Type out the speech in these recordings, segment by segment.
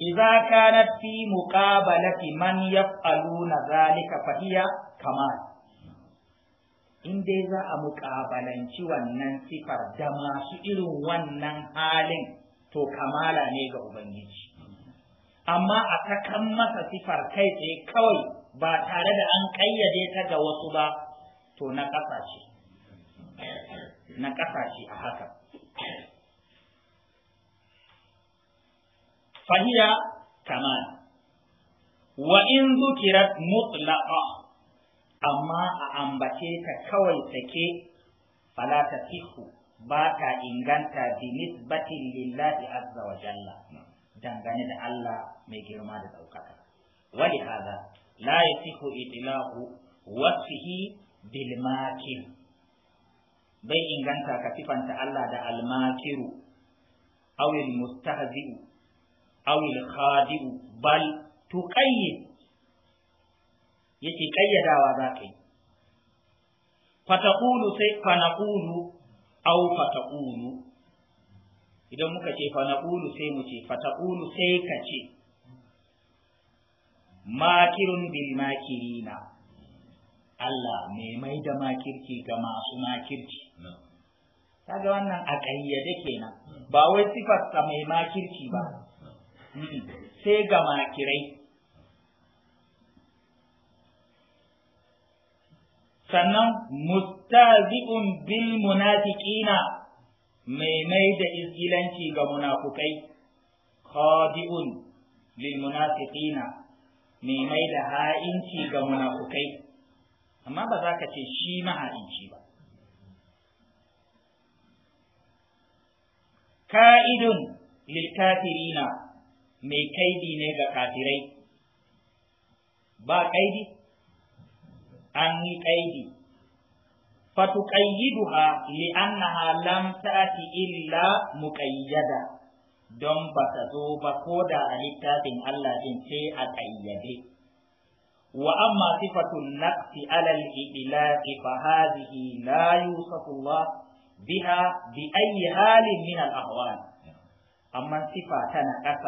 إذا كانت في man من zalika ذلك فهي كمال in dai za a wannan sifar da masu irin wannan halin to kamala ne ga Ubangiji. Amma a takan masa sifar kai tsaye kawai ba tare da an dai ta ga wasu ba to na ƙasa na a haka. fahiya kaman wa in zukirat mutlaqa amma a ambace ta kawai sake fala ta sihu ba ta inganta bi nisbatin lillahi azza jalla dangane da Allah mai girma da ɗaukaka wali hada la yasihu itlaqu wasfihi bil makir bai inganta ka sifanta Allah da almakiru awil mustahzi'u awil khadi'u bal tuqayyid yace kayyadawa za ka yi sai fanaqulu aw fataqulu idan muka ce fanaqulu sai mu ce fataqulu sai ka ce makirun bil makirina Allah mai mai da makirci ga masu makirci kaga wannan a kayyade kenan ba wai sifar mai makirci ba sai ga makirai sannan mustazi'un bil munafiqina mai mai da izgilanci ga munafukai khadi'un bil munafiqina mai mai da ha'inci ga munafukai amma ba za ka ce shi ma'a'inci ba ka'idun lil kafirina mai kaidi ne ga kafirai ba kaidi an yi kaidi fatuqayyiduha li'annaha lam ta'ti illa muqayyada don ba ta zo ba ko da a littafin Allah din sai a kayyade وأما صفة النقص على الإطلاق فهذه لا يوصف الله بها بأي حال من الأهوال أما صفة نقص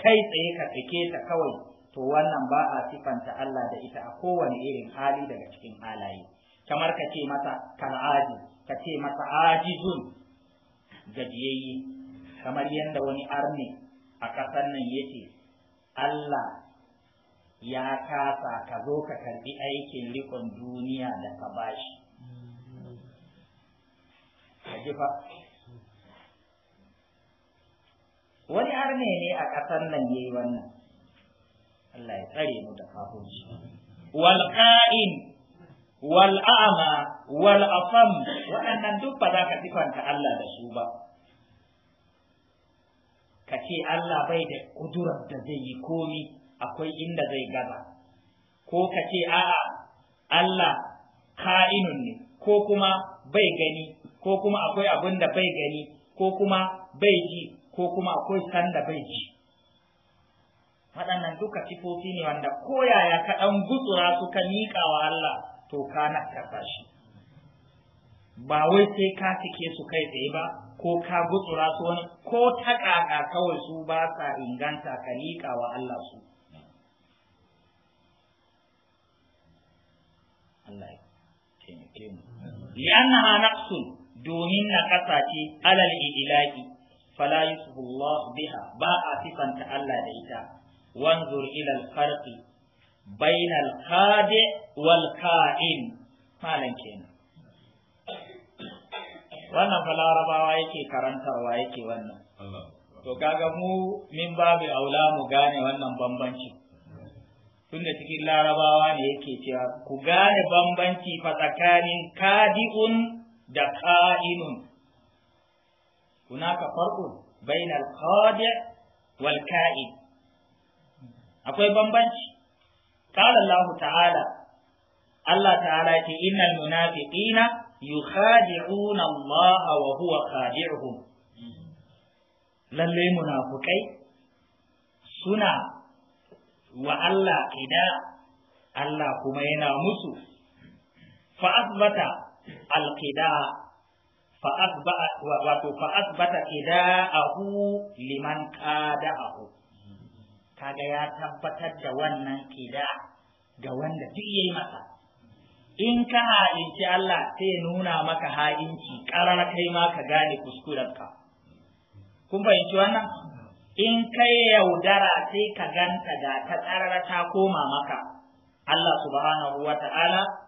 kai tsaye ka tsake ta kawai to wannan ba a sifanta Allah da ita a kowane irin hali daga cikin halaye kamar ka ce masa kal'aji ka ce masa ajizun gajiyayye kamar yadda wani arne a ƙasar nan ya ce, Allah ya kasa ka zo ka karɓi aikin rikon duniya da ka bashi. wani har ne ne a ƙasar nan yayi wannan Allah ya tsare mu da kafinci wal qa'in wal a'ma wal afam waɗannan duk ba za ka sifanta Allah da su ba ka ce Allah bai da kudurar da zai yi komi akwai inda zai gaza ko ka ce a'a Allah ka'inun ne ko kuma bai gani ko kuma akwai abin da bai gani ko kuma bai ji ko kuma akwai sanda bai ji waɗannan duka sifofi ne wanda koyaya ka ɗan gutsura suka ka miƙa wa Allah to ka nakasa shi ba wai sai ka cike su kai tsaye ba ko ka gutsura su wani ko ta ƙaƙa kawai su ba sa inganta ka miƙa wa Allah su Allah ya taimake mu naqsun domin na kasace alal ilahi fala yusbullah biha ba a sifanta Allah da ita wanzur ila al-farqi bayna al-qadi wal qa'im malan kenan wannan falarabawa yake karantarwa yake wannan to kaga mu min babu aula mu gane wannan bambanci tunda cikin larabawa ne yake cewa ku gane bambanci fa tsakanin kadi'un da ka'inun hunaka farqun bainal khadi wal ka'id akwai bambanci qala Allah ta'ala Allah ta'ala ce innal munafiqina yukhadi'una Allah wa huwa khadi'uhum lalle munafikai suna wa Allah kida Allah kuma yana musu fa asbata al wato fa'asbata qida'ahu liman qada'ahu kaga ya tabbatar da wannan qida ga wanda duk yayi masa in ka ha'inci Allah sai ya nuna maka ha'inci karar kai ma ka gane kuskurenka kun fahimci wannan in kai yaudara sai ka ganta da ta karar ta koma maka Allah subhanahu wa ta'ala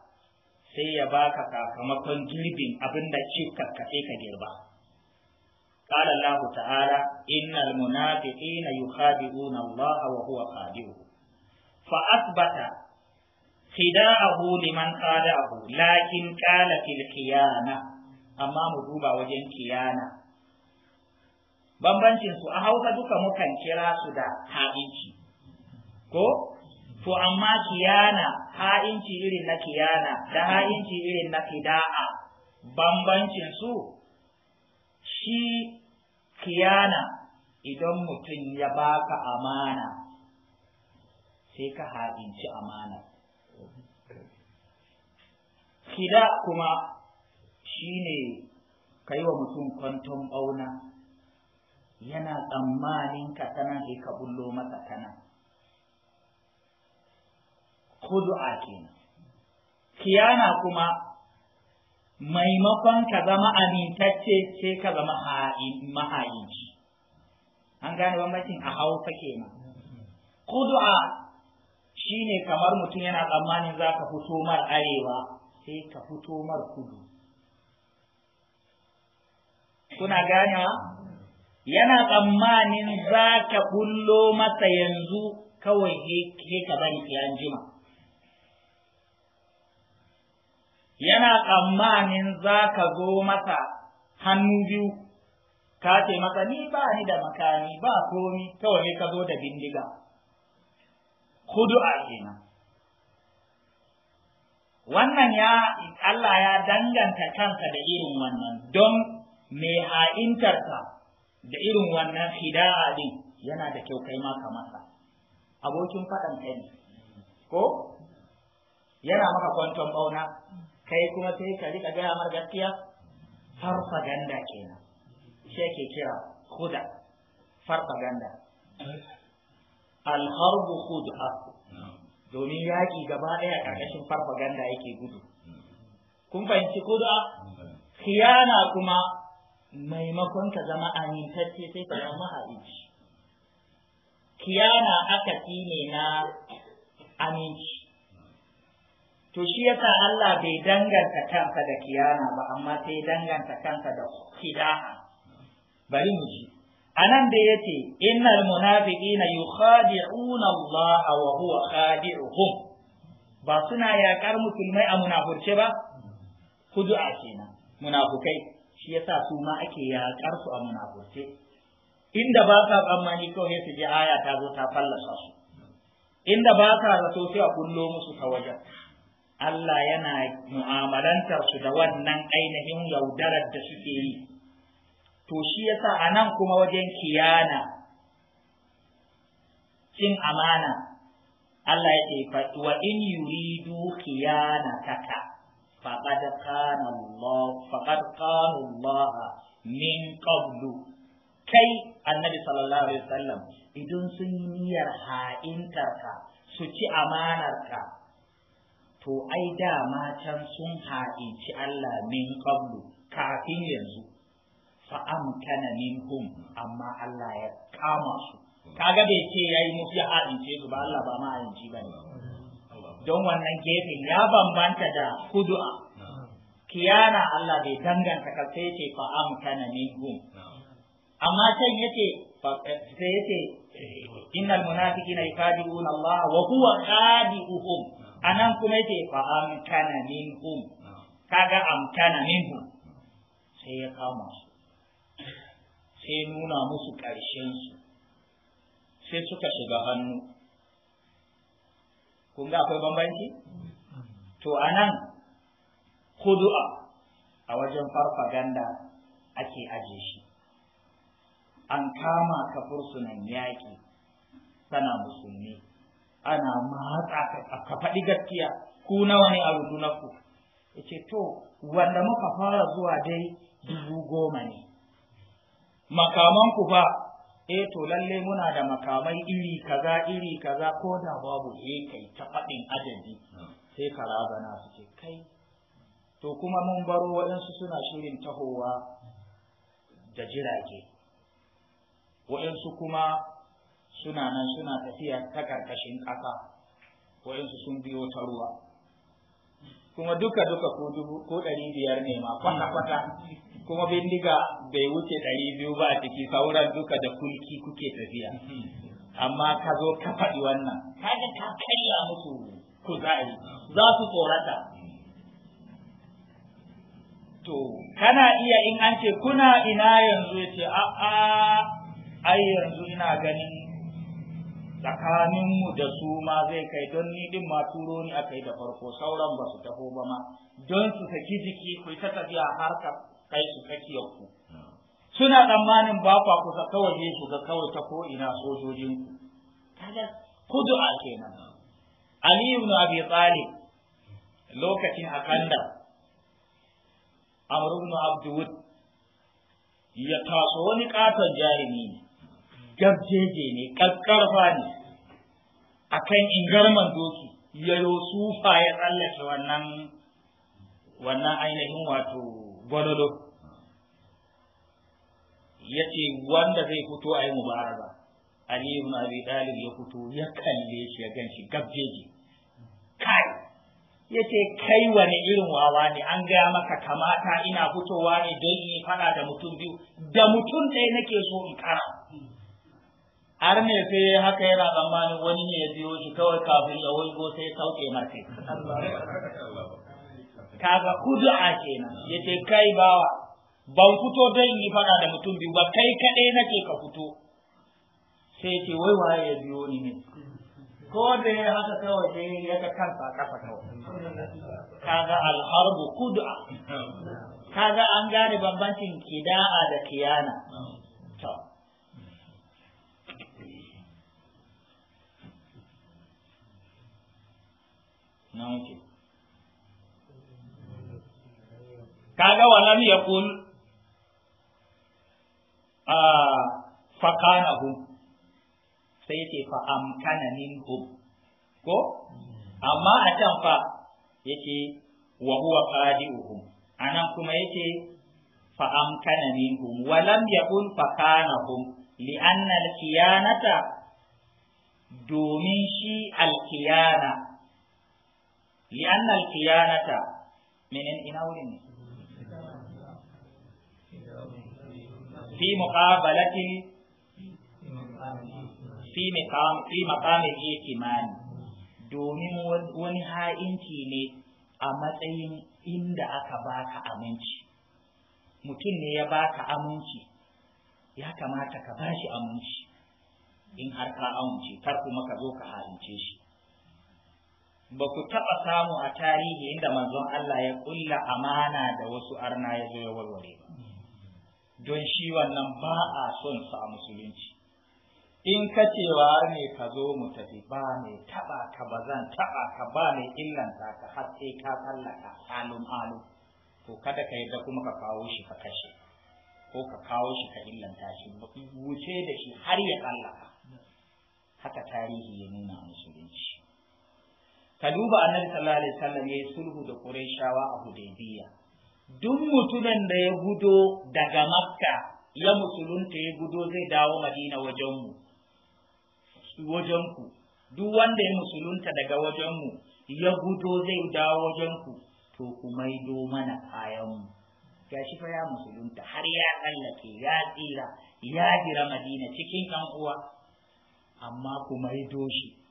sai ya baka sakamakon girbin abin da ce kakkace ka girba قال الله تعالى إن المنافقين يخادعون الله وهو خادعه فأثبت خداعه لمن خادعه لكن قال في الخيانة أما مدوبة وجن خيانة بمبنشن سو أهوك دوك مكان كرا سدا حائنشي ko to amma kiyana ha'inci irin na kiyana da ha'inci irin na fida'a bambancin su shi kiyana idan mutum ya baka amana sai ka ha'inci amana kida kuma shine ka yi wa mutum kwanton ɓauna yana tsammanin ka ka bullo masa kanan khudu'a kenan kiyana kuma maimakon ka zama amintacce sai ka zama mahayinci an gane bambancin a hausa kenan Kudu'a shine kamar mutum yana tsammanin za ka fito mar arewa sai ka fito mar kudu kuna ganewa yana tsammanin za ka bullo masa yanzu kawai ke ka bari sai an jima yana tsammanin za ka zo masa hannu biyu ka ce masa ni ba ni da makami ba komi kawai ka zo da bindiga hudu'a kenan wannan ya Allah ya danganta kansa da irin wannan don mai ha'intarsa da irin wannan hida'a din yana da kyau kai maka masa abokin faɗan kai ko yana maka kwanton bauna kai kuma sai ka rika gaya mar gaskiya farfaganda kenan shi ake kira huda farfaganda alharbu huda domin yaƙi gaba ɗaya ƙarƙashin farfaganda yake gudu kun fahimci huda khiyana kuma maimakon ka zama amintacce sai ka zama mahaici kiyana akasi ne na aminci to shi yasa Allah bai danganta kansa da kiyana ba amma sai danganta kansa da kidaha bari mu ji anan da yace innal munafiqina yukhadi'una Allah wa huwa khadi'uhum ba suna yakar musulmai a munafurce ba a kenan munafukai shi yasa su ma ake yakar su a munafurce inda ba ka tsammani kawai su ji aya ta zo ta fallasa su inda ba ka zato sai a kullo musu ta wajen Allah yana mu'amalantar su da wannan ainihin yaudarar da suke yi to shi yasa a nan kuma wajen kiyana cin amana Allah ya ce wa in yuridu kiyana taka, kana Allah Allah min qablu kai annabi sallallahu alaihi wasallam idan sun yi niyyar ha'intarka su ci amanarka to ai da matan sun ha'inci Allah min qablu kafin yanzu fa amkana minhum amma Allah ya kama su kaga bai ce yayi musu ya ha'ince su ba Allah ba ma ha'inci bane don wannan gefen ya bambanta da kudu'a kiyana Allah bai danganta ka sai ce fa amkana minhum amma can yace sai yace innal munafiqina yukadi'una Allah wa huwa qadi'uhum anan nan kuma yake fa amkana minhum kaga amkana minhum sai ya kama su sai nuna musu ƙarshen su sai suka shiga hannu kun ga akwai bambanci to anan nan a wajen farfaganda ake aje shi an kama ka fursunan yaƙi tana musulmi ana matsa ka faɗi gaskiya ku nawa ne a rundunarku ya ce to wanda muka fara zuwa dai dubu goma ne makamanku ba. eh to lalle muna da makamai iri kaza iri kaza ko da babu eh kai ta faɗin adadi sai ka razana su kai to kuma mun baro waɗansu suna shirin tahowa da jirage waɗansu kuma suna nan suna tafiya ta ƙarƙashin ƙasa waɗansu sun biyo ta ruwa kuma duka duka ko dubu ko ɗari biyar ne ma kwata kwata kuma bindiga bai wuce ɗari biyu ba a ciki sauran duka da kulki kuke tafiya amma ka zo ka faɗi wannan Ka ga ka karya musu kuzari za su tsorata to kana iya in an ce kuna ina yanzu ya ce a'a ai yanzu ina ganin tsakanin mu da su ma zai kai don ni din ma turo ni aka yi da farko sauran ba su taho ba ma don su saki jiki ku ta tafiya har kai su tsakiyar ku suna tsammanin ba kwa kusa kawai ne su ga kawai ta ko ina sojojin ku a kenan ali ibn abi talib lokacin akanda amr ibn abdul ya taso wani katon jarumi ne gabjeje ne kakkarfa ne akan ingarman doki ya sufa ya tsallake wannan wannan ainihin wato gwadodo ya ce wanda zai fito a yi mubaraba ali ibn abi dalib ya fito ya kalle shi ya gan gabjeji kai ya ce kai wani irin wawa ne an gaya maka kamata ina fitowa ne don in fada da mutum biyu da mutum ɗaya nake so in kara har ne sai haka yana tsammanin wani ne ya biyo shi kawai kafin ya wulgo sai sauke martai kaga a kenan ya ce kai bawa ban fito dai yi fada da mutum biyu ba kai kaɗai nake ka fito sai ce wai waye ya biyo ni ne ko da ya haka kawai sai ya ka kansa kafa kawai kaga alharbu kudu'a kaga an gane bambancin kida'a da kiyana na muke kaga walam yakul a ah, fakanahum sai ce fa amkana minhum ko amma a can fa yace wa huwa qadiuhum anan kuma yace fa amkana minhum wa lam yakun fakanahum li anna al-kiyanata domin shi al-kiyana li'anna al-khiyanata menen ina wurin ne fi muqabalatin fi maqam fi maqam al-ikimani domin wani ha'inci ne a matsayin inda aka baka aminci mutum ne ya baka aminci ya kamata ka bashi aminci in har ka amince kar kuma ka zo ka halince shi ba ku taɓa samu a tarihi inda manzon Allah ya ƙulla amana da wasu arna ya zo ya warware ba don shi wannan ba a son sa a musulunci in ka cewa ne ka zo mu tafi ba mai taɓa ka ba zan taɓa ka ba mai illanta ka har sai ka tsallaka halin halin to kada ka yadda kuma ka kawo shi ka kashe ko ka kawo shi ka illanta shi wuce da shi har ya tsallaka haka tarihi ya nuna musulunci ka duba annabi sallallahu alaihi wasallam yayi sulhu da quraishawa a hudaybiya duk mutumin da ya gudo daga makka ya musulunta ya gudo zai dawo madina wajenmu wajenku duk wanda ya musulunta daga wajenmu ya gudo zai dawo wajenku to ku maido mana kayanmu gashi fa ya musulunta har ya tsallake ya tsira ya jira madina cikin kan uwa amma ku maido shi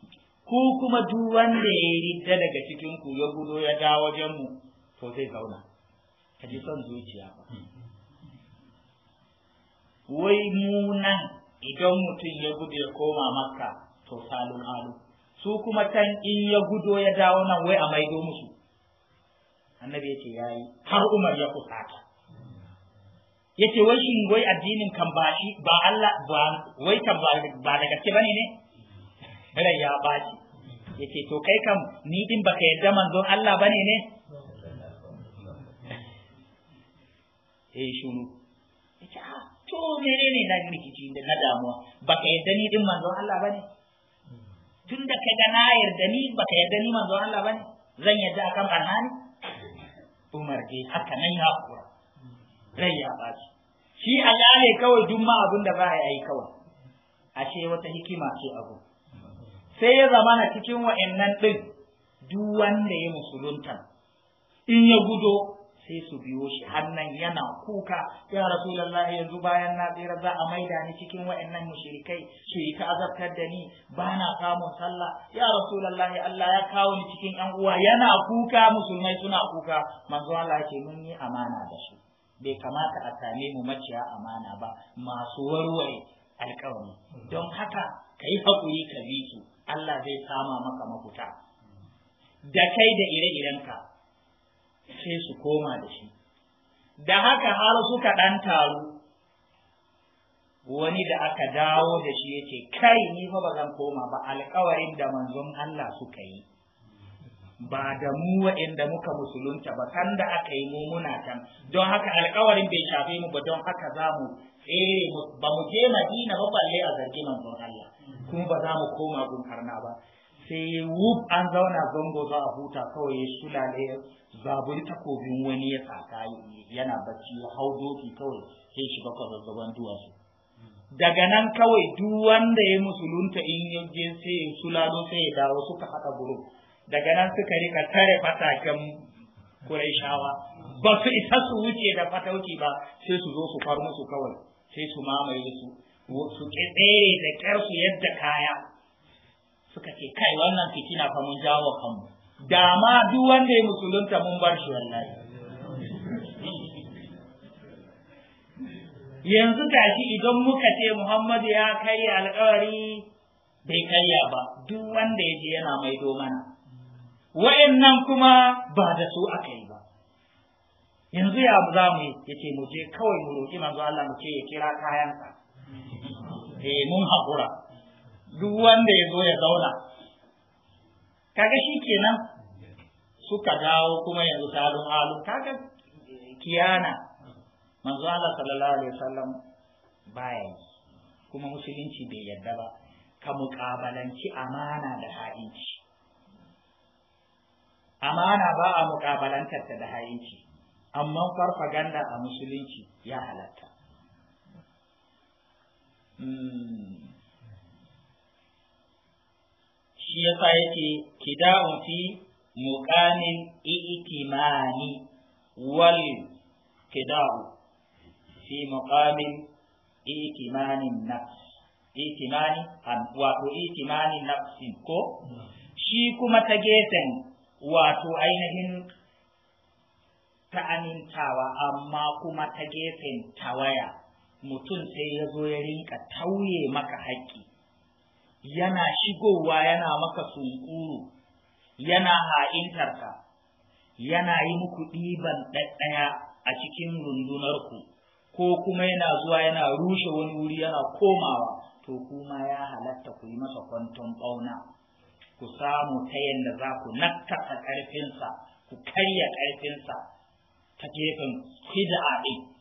ku kuma duk wanda ya ridda daga cikin ku ya gudo ya da wajen mu to zai zauna ka ji son zuciya ba wai mu idan mutum ya gudu ya koma makka to salun alu su kuma can in ya gudo ya dawo nan wai a maido musu annabi ya ce ya yi har umar ya kusata ya ce wai shin wai addinin kan ba shi ba Allah ba wai kan ba daga gaske bane ne rai ya baci yace to kai kam ni din baka yarda manzon Allah bane ne eh shunu yace a ah, to ne na rikici da na damuwa baka yadda ni din manzon Allah bane tunda kaga na yarda ni baka yadda ni manzon Allah bane zan yarda akan barna ne Umar dai haka nan ya kura rai ya baci shi Allah ne kawai duk ma abin da ba ya yi kawai ashe wata hikima ce abu sai ya zama na cikin wayannan ɗin duk wanda ya musulunta in ya gudo sai su biyo shi hannan yana kuka ya rasulullahi yanzu bayan na tsira za a maida ni cikin wa'annan mushrikai su yi ta'azabtar da ni ba na samun sallah ya rasulullahi Allah ya kawo ni cikin yan uwa yana kuka musulmai suna kuka manzo Allah ce mun yi amana da su bai kamata a same mu maciya amana ba masu warware alƙawari don haka ka yi haƙuri ka bi su Allah zai kama maka mafuta da kai da ire-irenka sai su koma da shi da haka har suka ɗan taru wani da aka dawo da shi yake kai ni fa ba zan koma ba alkawarin da manzon Allah suka yi ba da mu waɗanda muka musulunta ba kan da aka yi mu muna can don haka alkawarin bai shafe mu ba don haka za mu tsere mu ba mu je Madina ba balle a zargi manzon Allah kuma ba za mu koma gun karna ba sai wuf an zauna zango za a huta kawai ya sulale zabun takobin wani ya tsaka yana bacci ya hau doki kawai sai shiga kwazazzaban duwatsu daga nan kawai duk wanda ya musulunta in ya je sai ya sulalo sai ya dawo suka haɗa guru daga nan suka rika tare fataken kuraishawa ba su isa su wuce da fatauci ba sai su zo su far musu kawai sai su mamaye su su tsere da karsu yadda kaya suka ce kai wannan fitina fa mun jawo kanmu da ma duk wanda ya musulunta mun bar shi wallahi yanzu tashi idan muka ce Muhammadu ya kai alkawari bai karya ba duk wanda ya je yana maido mana nan kuma ba da su aka yi ba yanzu ya za mu yi ya mu je kawai mu roƙi manzo Allah mu ce ya kira kayansa eh mun haƙura duk wanda ya zo ya zauna kaga shi kenan suka dawo kuma yanzu salon halu kaga kiyana manzo Allah sallallahu alaihi wasallam baya kuma musulunci bai yadda ba ka muƙabalanci amana da ha'inci amana ba a muƙabalantar da ha'inci amma farfaganda a musulunci ya halatta Hmm. shi ya sa yake kida fi muƙanin i'timani wal kida'u fi muqamin i'timanin nafs i'timani wato i'timanin nafsin ko shi kuma ta gefen wato ainihin ta amintawa amma kuma ta gefen tawaya mutum sai ya zo ya rinka tauye maka haƙƙi yana shigowa yana maka sunkuru yana ha'intarka yana yi muku ɗiban ɗaɗɗaya a cikin rundunarku ko kuma yana zuwa yana rushe wani wuri yana komawa to kuma ya halatta ku yi masa kwanton ɓauna ku samu ta yadda za ku nakkasa ƙarfinsa ku karya ƙarfinsa ta gefen ɗin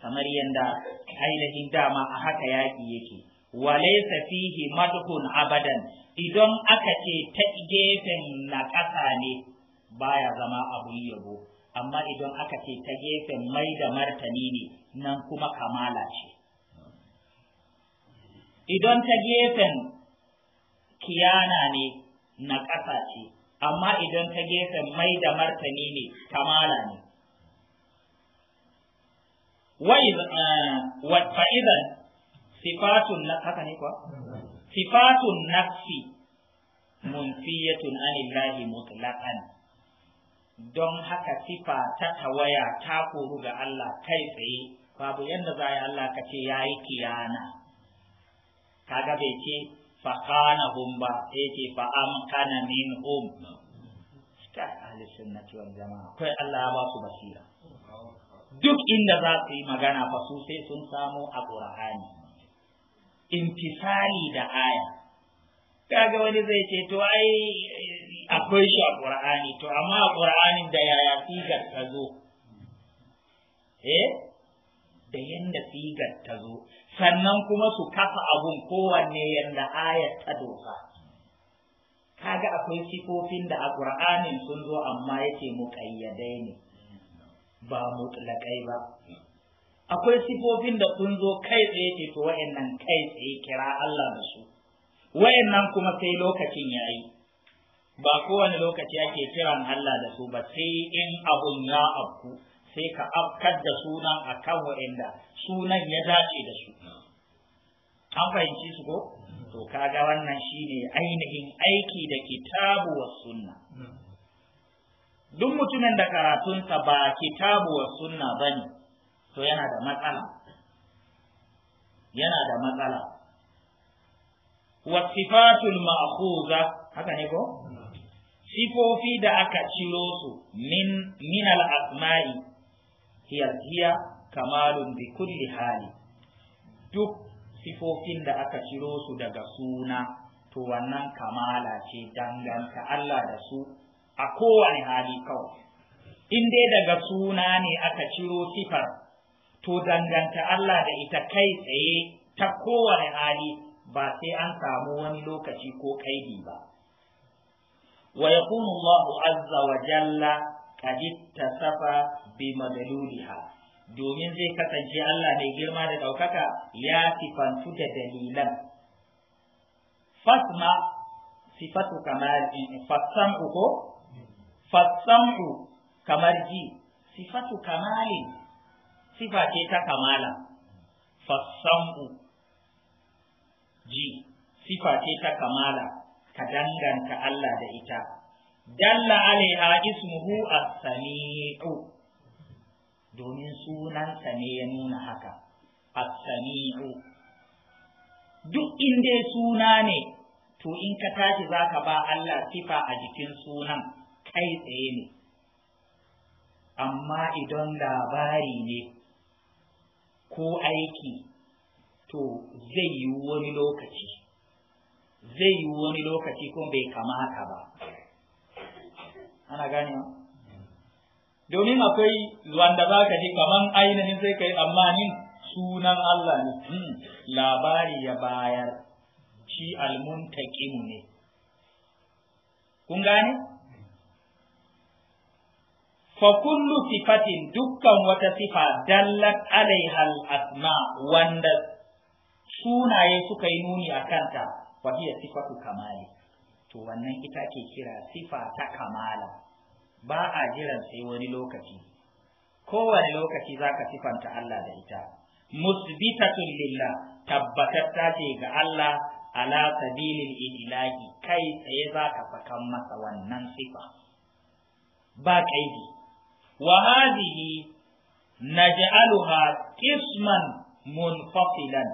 kamar yadda ainihin dama a haka yaƙi yake wale fihi madhun abadan idan aka ce ta gefen na ƙasa ne baya zama abun yabo amma idan aka ce ta gefen mai da martani ne nan kuma kamala ce idan ta gefen kiyana ne na ƙasa ce amma idan ta gefen mai da martani ne kamala ne fa idan sifatun na haka ne kuwa sifatun nafsi munfiyatun anillahi mutlaqan don haka sifa ta tawaya ta koru ga Allah kai tsaye babu yadda za yi Allah ka ce ya yi kiyana ga bai ce fa kana hum ba sai ce fa am kana min hum ta ahli na wal jama'a kai Allah ya ba su basira duk inda za su yi magana fa su sai sun samu a ƙur'ani intisari da aya kaga wani zai ce to ai akwai shi a ƙur'ani to amma a ƙur'anin da yaya sigar ta zo eh da yanda sigar ta zo sannan kuma su kafa abun kowanne yanda ayar ta doka kaga akwai sifofin da a ƙur'anin sun zo amma yake muƙayyadai ne ba mutlaƙai ba akwai sifofin da kun zo kai tsaye ce to wayannan kai tsaye kira Allah da su wayannan kuma sai lokacin yayi ba kowane lokaci ake kiran Allah da su ba sai in abun ya afku sai ka afkar da sunan akan wayanda sunan ya dace da su an fahimci su ko to kaga wannan shine ainihin aiki da kitabu was sunna duk mutumin da karatunsa ba kitabu wa sunna ba ne, to yana da matsala yana da matsala wa sifatul haka ne ko sifofi da aka ciro su min asma'i hiya kamalun bi hali duk sifofin da aka ciro su daga suna to wannan kamala ce danganta Allah da su a kowane hali kawai in dai daga suna ne aka ciro sifar to danganta Allah da ita kai tsaye ta kowane hali ba sai an samu wani lokaci ko kaidi ba wa yakunu Allahu azza wa jalla qad safa bi ha, domin zai kasance Allah mai girma da ɗaukaka ya sifantu da dalilan. Fasma sifatu in fasan uko fasam'u kamar ji sifatu kamali sifa ce ta kamala fasam'u ji sifa ce ta kamala ka danganta Allah da ita dalla alaiha ismuhu as-sami'u domin sunansa ne ya nuna haka as-sami'u duk inda suna ne to in ka tashi zaka ba Allah sifa a jikin sunan kai tsaye ne amma idan labari ne ko aiki to zai yi wani lokaci zai yi wani lokaci ko bai kamata ba ana gane domin akwai wanda za ka ji kaman ainihin sai ka yi tsammanin sunan Allah ne hmm, labari ya bayar shi almuntaƙin ne kun gane fa kullu sifatin dukkan wata sifa dallat alaiha al-asma wanda sunaye suka yi nuni a kanta fa hiya sifatu kamali to wannan ita ke kira sifa ta kamala ba a jiran sai wani lokaci kowane lokaci zaka sifanta Allah da ita musbitatun lillah ta ce ga Allah ala sabilil ilahi kai tsaye zaka sakan masa wannan sifa ba kaidi وهذه نجعلها قسما منفصلا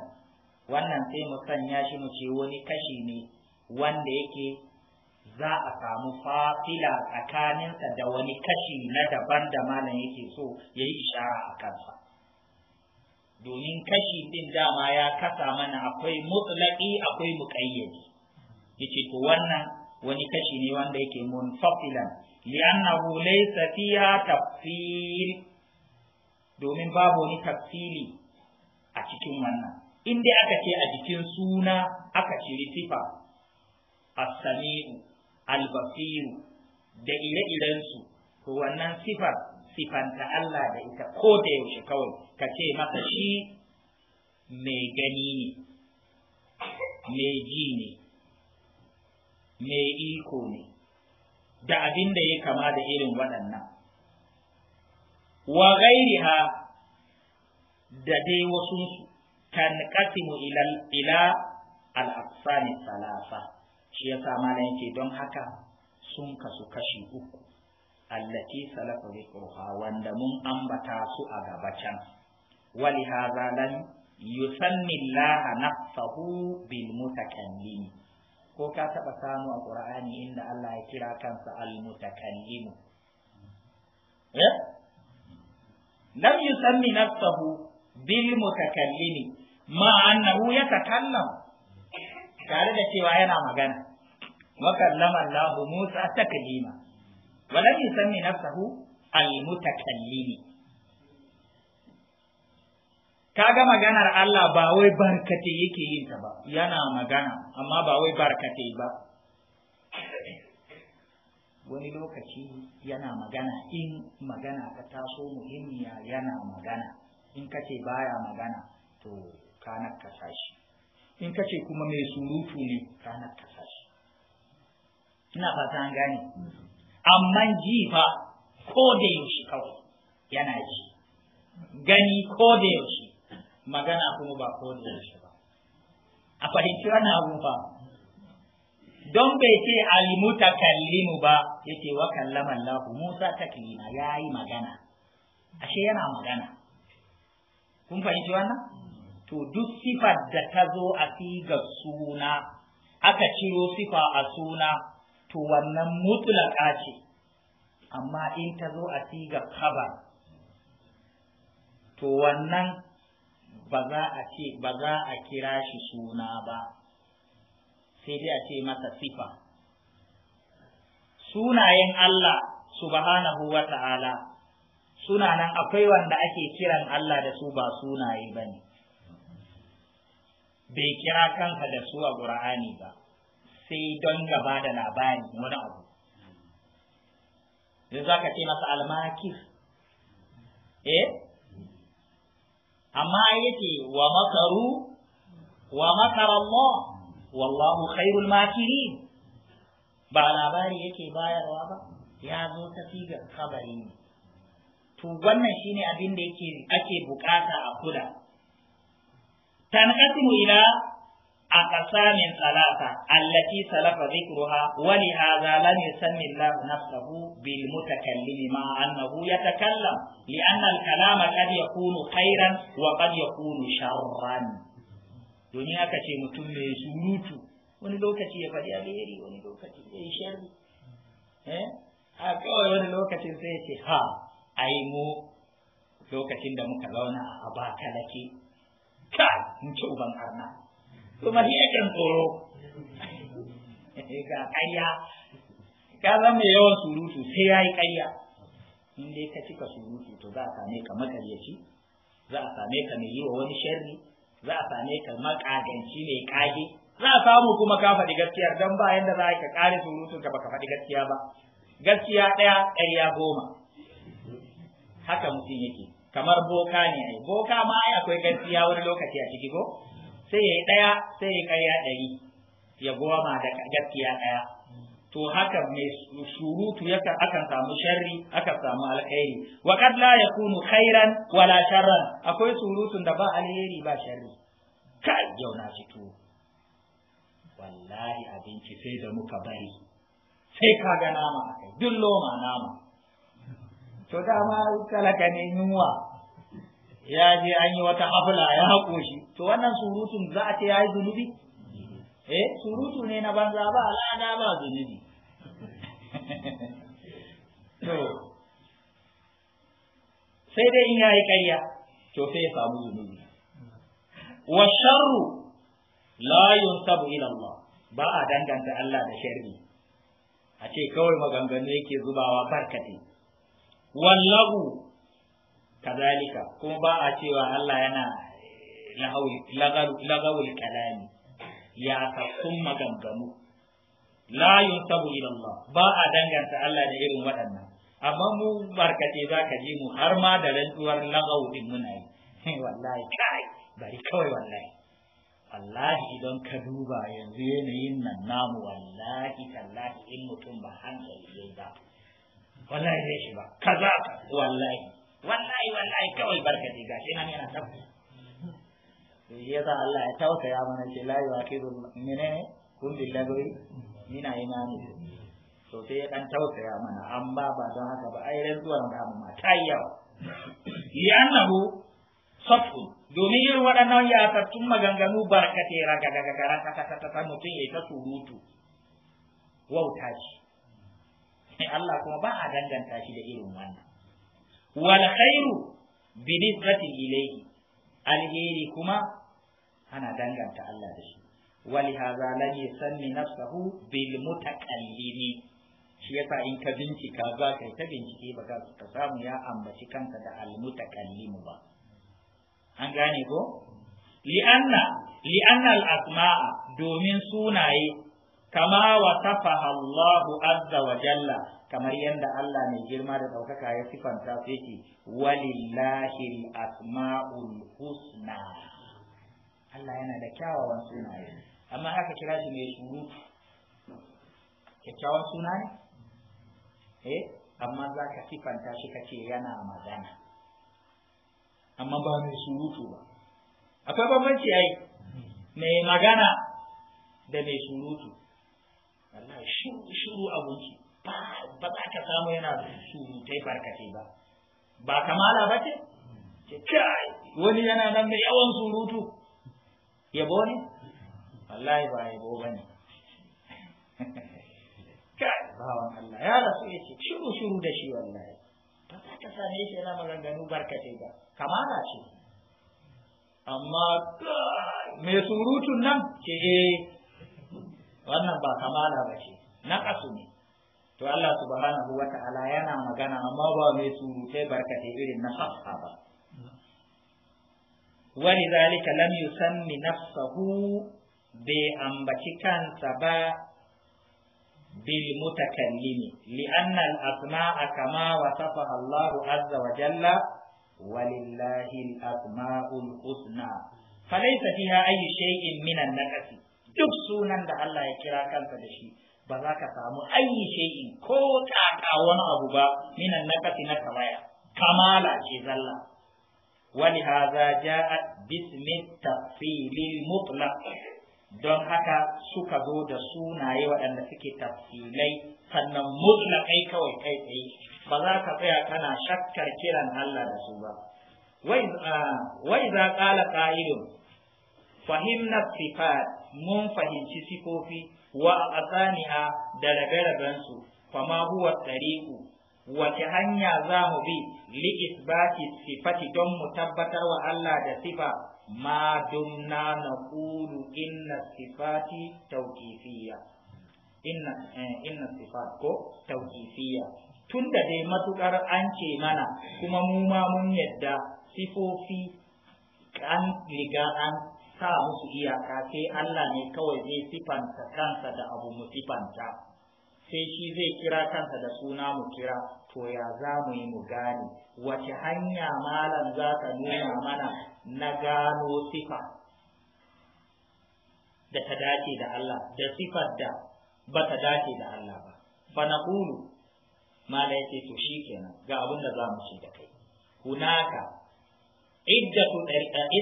wannan sai mu sanya shi mu ce wani kashi ne wanda yake za a samu fafila tsakaninsa da wani kashi na daban da malam yake so ya yi ishara a kansa domin kashi din dama ya kasa mana akwai mutlaki akwai muƙayyadi yace to wannan wani kashi ne wanda yake munfasilan li'annahu laysa tafsir domin babu wani tafsiri a cikin wannan in dai aka ce a jikin suna aka ciri sifa as-sami'u al-basiru da ire-irensu to wannan sifar sifanta Allah da ita ko da yaushe kawai ka ce masa shi mai gani ne mai ji ne mai iko ne da abin da ya kama da irin waɗannan wa gairiha da dai wasunsu kan kasimu ila al-aqsami salasa shi yasa malam yake don haka sun kasu kashi uku allati salafa dhikruha wanda mun ambata su a gabatan wali hadha lam yusanni nafsahu bil mutakallim ko ka taɓa samu a ƙur'ani inda Allah ya kira kansa al-mutakallimu eh lam yusammi nafsahu bil mutakallimi ma annahu yatakallam tare da cewa yana magana wa kallama Allah Musa taklima wa lam yusammi nafsahu al mutakallimi kaga maganar Allah ba wai barkate yake yin ta ba yana magana amma ba wai barkate ba wani lokaci yana magana in magana ta taso muhimmiya yana magana in kace baya magana to ka nakasa shi in kace kuma mai surutu ne ka nakasa ina fata an gane amma ji fa ko da yaushe kawai yana ji gani ko da yaushe magana kuma ba ko da shi ba a fahimci wannan abu fa don bai ce kallimu ba yake wa kallama Allah Musa ya yayi magana ashe yana magana kun fahimci wannan to duk sifar da ta zo a ga suna aka ciro sifa a suna to wannan mutlaka ce amma in ta zo a ga khabar to wannan ba za a ce ba za a kira shi suna ba sai dai a ce masa sifa sunayen Allah subhanahu wa ta'ala suna nan akwai wanda ake kiran Allah da su ba sunaye ba ne bai kira kanka da su a Qur'ani ba sai don gaba da labari wani abu yanzu za ka ce masa almakir eh amma yake wa makaru wa makar Allah wallahu khairul makirin ba labari yake bayarwa ba ya zo ta sigar kabari ne to wannan shine abin da yake ake bukata a kula tanqasimu ila أقسام ثلاثة التي سلف ذكرها ولهذا لم يسم الله نفسه بالمتكلم مع أنه يتكلم لأن الكلام قد يكون خيرا وقد يكون شرا دنيا كتي متم سروت wani lokaci ya faɗi alheri wani lokaci ya yi sharri eh a wani lokacin sai ya ce ha ai lokacin da muka zauna a baka lake uban arna kuma shi ake tsoro ga ƙarya ka zama mai yawan surutu sai ya yi ƙarya in dai ka cika surutu to za a same ka makaryaci za a same ka mai yi wa wani sharri za a same ka makaganci mai ƙage? za a samu kuma ka faɗi gaskiya don ba yanda za ka ƙare surutu ka baka faɗi gaskiya ba gaskiya ɗaya ƙarya goma haka mutum yake kamar boka ne ai boka ma akwai gaskiya wani lokaci a ciki ko sai ya yi ɗaya sai ya karya ɗari ya goma da gaskiya ɗaya to haka mai surutu yaka akan samu sharri aka samu alkhairi wa qad la yakunu khairan wala sharran akwai surutun da ba alheri ba sharri kai yau na fito wallahi abinci sai da muka bari sai ka ga nama akai duk loma nama to dama talaka ne yunwa ya je an yi wata hafla ya haƙo shi to wannan surutun za a ce ya yi zunubi eh surutu ne na banza ba al'ada ba zunubi to sai dai in ya yi ƙarya to sai ya samu zunubi wa sharru la yunsabu ila Allah ba a danganta Allah da sharri a ce kawai maganganu yake zubawa barkati wallahu kazalika kuma ba a cewa Allah yana lagawul kalami ya sassun maganganu la yunsabu ila Allah ba a danganta Allah da irin waɗannan amma mu barkace za ka ji mu har ma da rantsuwar lagaw din muna yi wallahi kai bari kawai wallahi wallahi idan ka duba yanzu yanayin nan namu wallahi tallahi in mutum ba hankali yayi ba wallahi zai shi ba kaza wallahi wallahi wallahi kawai barkati gashi nan yana tafi ya za Allah ya ya mana ce la yuakidu menene kun na mina imani to sai ya dan ya mana an ba don haka ba ai rantsuwar da mu ma ta yawa li'annahu safu domin yin waɗannan tun maganganu barkate ragagagara ta mutum ya ta surutu wauta ce Allah kuma ba a danganta shi da irin wannan wal khairu bi nisbati ilayhi alheri kuma ana danganta Allah da shi wali hadha lam yusammi nafsahu bil mutakallimi shi yasa in ka bincika za ka yi ta bincike ba ka samu ya ambaci kansa da al ba an gane ko li'anna asma'a domin sunaye kama wasafaha Allahu azza wa jalla kamar yadda Allah mai girma da ɗaukaka ya sifanta su yake walillahi asma'ul husna Allah yana da kyawawan sunaye amma haka kira shi mai surutu kyakkyawan suna eh amma za ka sifanta shi ka ce yana magana amma ba mai surutu ba akwai bambanci ai mai magana da mai surutu wallahi shuru abinci ba za ka samu yana surutai barkatai ba ba kamala ba ce kai wani yana nan da yawan surutu yabo ne wallahi ba yabo ba ne kai bawan Allah ya rasu ya ce shuru shuru da shi wallahi ba za ka same shi yana maganganu barkatai ba kamala ce amma mai surutun nan ce eh wannan ba kamala ba ce na ƙasu ne to Allah subhanahu wa ta'ala yana magana amma ba mai surutai barkatai irin na sassa ba wani zalika lam yusammi nafsahu bai ambaci kansa ba bil mutakallimi li'anna al-asma'a kama wasafaha Allah azza wa jalla walillahi al-asma'ul husna falaysa fiha ayyu shay'in min an duk sunan da Allah ya kira kansa da shi ba za ka samu ayi ko kaka wani abu ba minan nakati na kamaya kamala ce zalla wani haza ja'a bismi tafsilil mutlaq don haka suka zo da sunaye waɗanda suke tafsilai sannan mutlaqai kawai kai tsaye ba za ka tsaya kana shakkar kiran Allah da su ba wai ah, za qala qa'ilun fahimna sifat mun fahimci sifofi wa aqsaniha da rabe su fama huwa tariqu wace hanya za mu bi li isbati sifati don mu tabbatar wa Allah da sifa ma dumna naqulu inna sifati tawqifiyya inna eh, inna sifat ko tawqifiyya da dai matukar an ce mana kuma mu ma mun yadda sifofi an riga an sa musu iyaka sai Allah ne kawai zai sifanta kansa da abu mu sifanta sai shi zai kira kansa da suna mu kira to ya za mu yi mu gane wace hanya malam za ka nuna mana na gano sifa da ta dace da Allah da sifar da ba ta dace da Allah ba fa kulu mala yace to shikenan ga abin da za mu ce da kai hunaka iddatu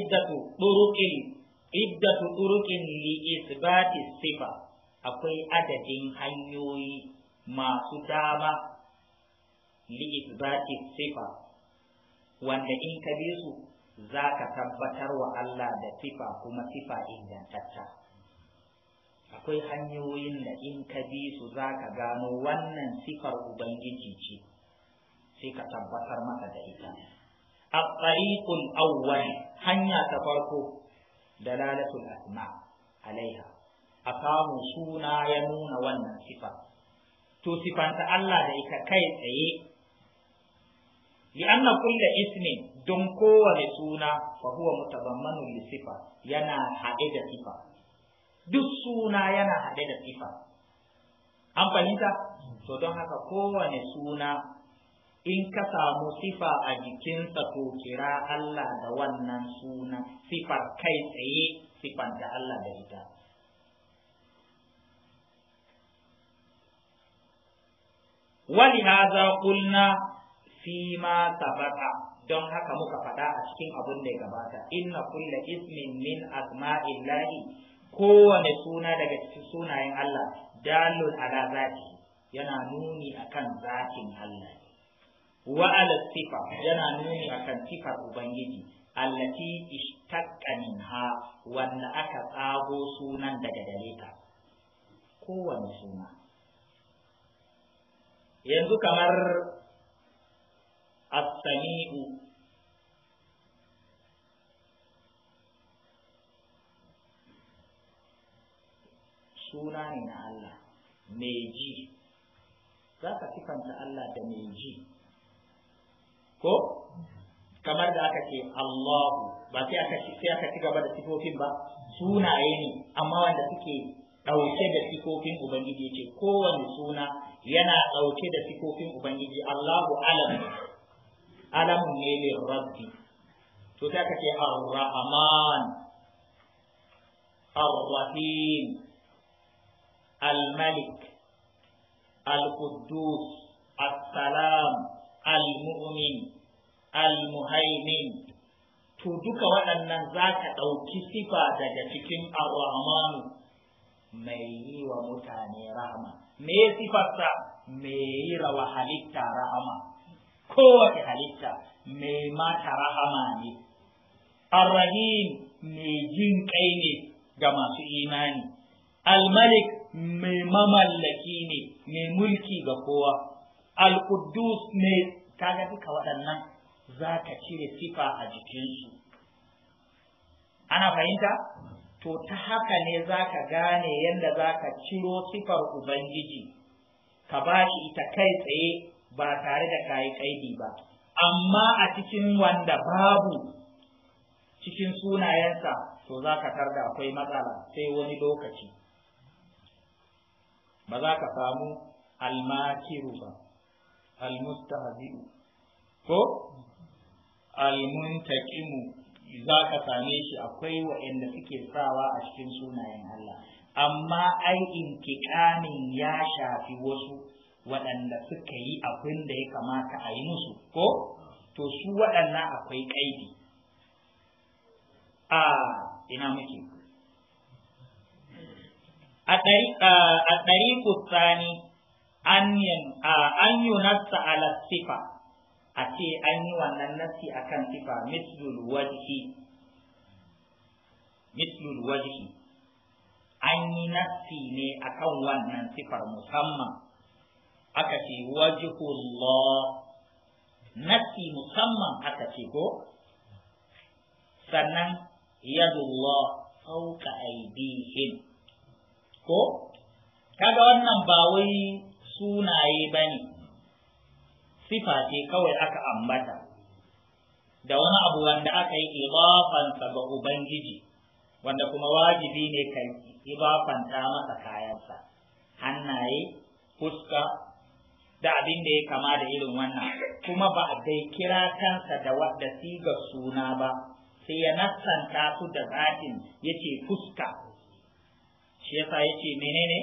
iddatu turuqil idda turuqin li isbati sifa akwai adadin hanyoyi masu dama li isbati sifa wanda in ka bi su za ka tabbatar wa Allah da sifa kuma sifa ingantatta akwai hanyoyin da in ka bi su za ka gano wannan sifar ubangiji ce sai ka tabbatar maka da ita a tsariƙun awwal hanya ta farko dalalatul asma alaiha a samu suna ya nuna wannan sifa to sifanta Allah da ita kai tsaye li'anna kulla ismin don kowane suna fa huwa mutabammanu li sifa yana haɗe da sifa duk suna yana haɗe da sifa an fahimta to don haka kowane suna in ka samu sifa a jikinsa to kira Allah da wannan suna sifar kai tsaye sifar da Allah da ita wani haza ƙulna fi ma sabata don haka muka faɗa a cikin abin da ya gabata inna kulla ismin min asma'illahi kowane suna daga cikin sunayen Allah dalul ala zati yana nuni akan zakin Allah wa ala sifa yana nuni akan sifar ubangiji allati ishtaqqa minha wanda aka tsago sunan daga gare ta kowane suna yanzu kamar as-sami'u suna ne na Allah mai ji za ka sifanta Allah da mai ji ko kamar da aka ce Allahu ba sai aka sai aka ci gaba da sifofin ba sunaye ne amma wanda suke ɗauke da sifofin ubangiji ce kowane suna yana ɗauke da sifofin ubangiji Allahu alam alam ne ne rabbi to sai aka ce ar-rahman ar-rahim al-malik al-quddus as al-muhaimin to duka waɗannan za ka ɗauki sifa daga cikin ar mai yi wa mutane rahama me sifarsa me yi rawa halitta rahama kowace halitta mai mata rahama ne ar-rahim mai jin kai ne ga masu imani al-malik mai mamallaki ne mai mulki ga kowa al-quddus mai kaga duka waɗannan za ka cire sifa a jikinsu ana fahimta to ta haka ne za ka gane yadda za ka ciro sifar ubangiji ka ba shi ita kai tsaye ba tare da kayi kaidi ba amma a cikin wanda babu cikin sunayensa to za ka tarda akwai matsala sai wani lokaci ba za ka samu almakiru ba almustahzi'u ko almuntaqimu za ka same shi akwai waɗanda suke sawa a cikin sunayen Allah amma ai intiqamin ya shafi wasu waɗanda suka yi abin da ya kamata a yi musu ko to su waɗannan akwai kaidi a ina muke a ɗari tsani an yunasta ala sifa a ce an yi wannan nasi akan sifa mislul wajhi an yi nasi ne akan wannan sifar musamman aka ce wajhullah nasi musamman aka ce ko sannan yadullah fawqa aydihim ko kaga wannan ba wai sunaye bane sifa ce kawai aka ambata da wani abu wanda aka yi ibafansa ga ubangiji wanda kuma wajibi ne ka ibafanta masa kayansa hannaye fuska da abin da ya kama da irin wannan kuma ba a dai kira kansa da wadda sigar suna ba sai ya nassanta su da zatin yace fuska shi yasa ya ce menene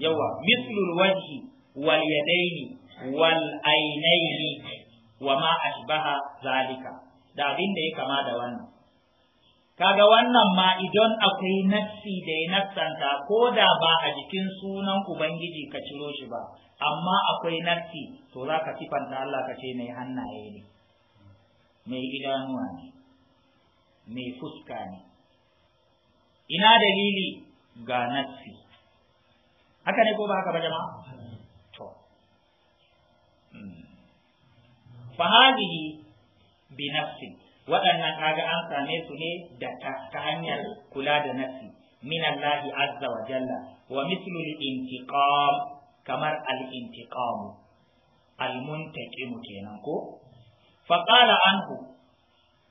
yawa mislul wajhi wal yadaini wal ainaini wa ma ashbaha zalika da abin da ya kama da wannan kaga wannan ma idan akwai nassi da ya nassanta ko da ba a jikin sunan ubangiji ka ciro shi ba amma akwai nassi to za ka sifanta Allah ka ce mai hannaye ne mai idanuwa ne mai fuska ne ina dalili ga nassi haka ne ko ba haka ba jama'a to hmm. fa hadhihi bi nafsi waɗannan kaga an same su ne da ta hanyar kula da nafsi min Allah azza wa jalla wa mithlu al-intiqam kamar al-intiqam al-muntaqim kenan ko fa qala anhu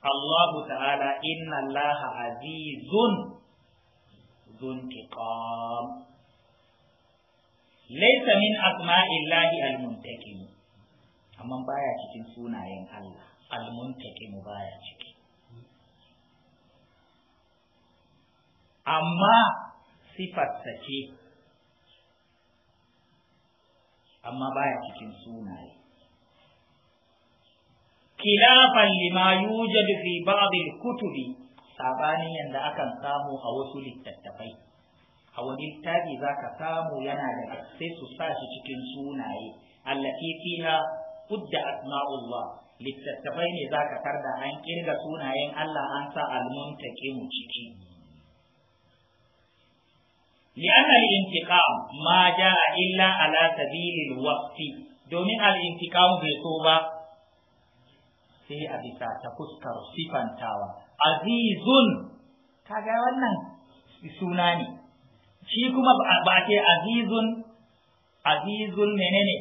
Allah ta'ala inna Allah azizun zuntiqam laisa min asma'illahi al muntakim amma baya cikin sunayen Allah al muntakim baya ciki amma sifarsa ce amma baya cikin sunaye khilafan lima yujadu fi ba'd al-kutubi sabanin yanda akan samu a wasu littattafai a wani littafi za ka samu yana da sai su sa shi cikin sunaye allati fiha udda asma'ullah littattafai ne za ka tarda an ƙirga sunayen Allah an sa almuntaƙin ciki لأن الانتقام ما a إلا على سبيل الوقت domin al'intikamu bai so ba sai a bisa ta fuskar sifantawa azizun kaga wannan suna ne shi kuma ba a ce azizun azizun menene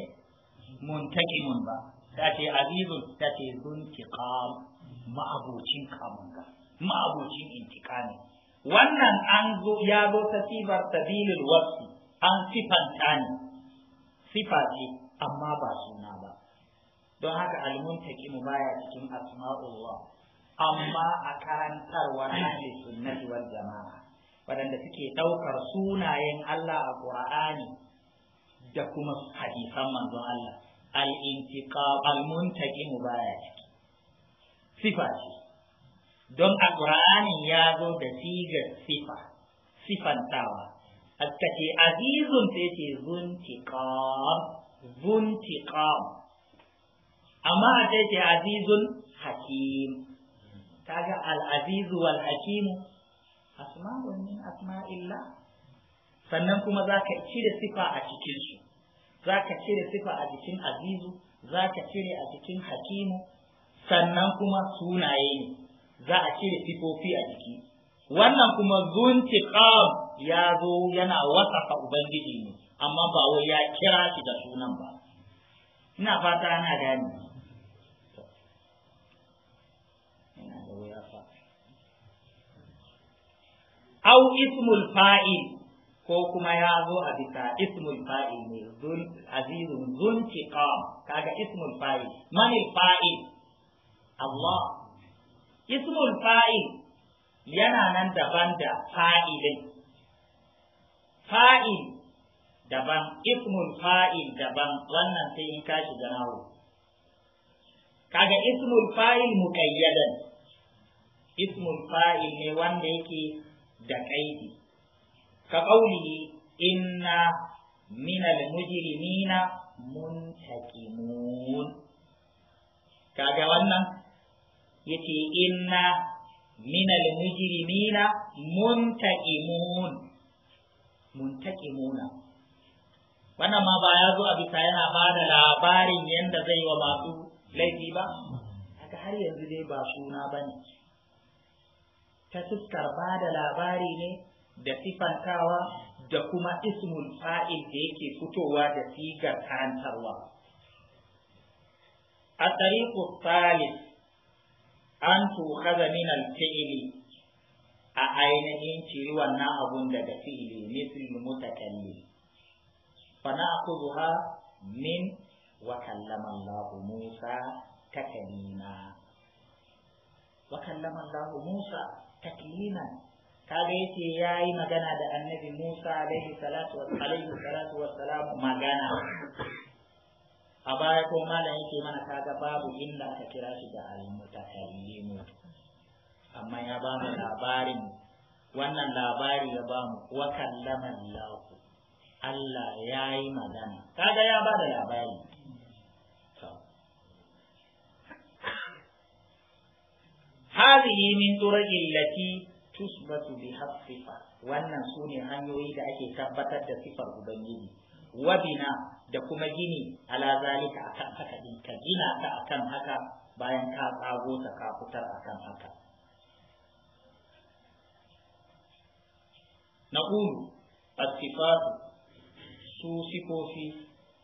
muntakimun ba ta ce azizun ta ce zuntiqam ma'abocin kamunga ma'abocin intikami wannan an zo ya zo ta sifar sabilil wasfi an sifanta ne sifa ce amma ba suna ba don haka almuntakimu baya cikin asma'ullah amma a karantarwa ahli sunnati wal jama'a waɗanda suke ɗaukar sunayen Allah a Qur'ani da kuma hadisan manzon Allah al-intiqam al-muntaqim baya ciki sifa ce don a Qur'ani ya zo da sigar sifa sifantawa hatta ce azizun sai ce zuntiqam zuntiqam amma a ce azizun hakim kaga al-azizu wal hakimu asma'un min asma'illah sannan kuma za ka cire sifa a cikinsu za ka cire sifa a jikin azizu za ka cire a jikin hakimu sannan kuma sunaye ne za a cire sifofi a jiki wannan kuma zuntiqam ya zo yana wasafa ubangiji ne amma ba wai ya kira shi da sunan ba ina fata ana gane au ismul fa'il ko kuma ya zo a bisa ismul fa'il ne zul azizun zul tiqam kaga ismul fa'il man fa'il Allah ismul fa'il yana nan daban da fa'ilin fa'il daban ismul fa'il daban wannan sai in ka shiga nawo kaga ismul fa'il muqayyadan ismul fa'il ne wanda yake da kaidi ka qawlihi inna min mujrimina muntakimun. kaga wannan yace inna min mujrimina muntakimun, muntakimuna wannan ma ba ya zo a bisa yana ba da labarin yadda zai wa masu laifi ba haka har yanzu dai ba suna ba ne ta fuskar ba da labari ne da sifantawa da kuma ismul fa'il da yake fitowa da sigar karantarwa a tsariƙu salis an tukaza min alfi'ili a ainihin ciri wannan abun daga fi'ili misli mutakalli ku zuha min wa kallaman Allah Musa ta takalima wa kallaman Allah Musa takliman kaga yace yayi magana da annabi Musa alaihi salatu wa salatu wa magana a baya ko malam yake mana kaga babu inda aka kira shi da al-mutakallimu amma ya ba mu labarin wannan labari ya ba mu wa kallama Allah Allah yayi magana kaga ya ba da labari hadhihi min turqi allati tusbatu bi sifa wannan sune hanyoyi da ake tabbatar da sifar ubangiji wabina da kuma gini ala zalika akan haka din ka gina ta akan haka bayan ka tsago ta ka fitar akan haka naqulu as-sifat su sifofi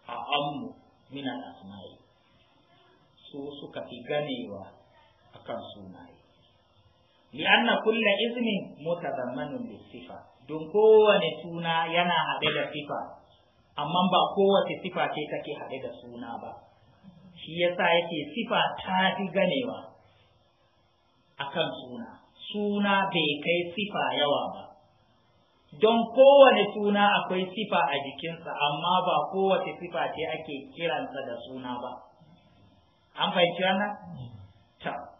a ammu minan al-asma'i su suka fi ganewa akan sunaye li'anna kulla ismin mutazammanun bi sifa don kowane suna yana haɗe da sifa amma ba kowace sifa ce take haɗe da suna ba shi yasa yake sifa ta fi ganewa akan suna suna bai kai sifa yawa ba don kowane suna akwai sifa a jikinsa amma ba kowace sifa ce ake kiransa da suna ba an fahimci wannan ta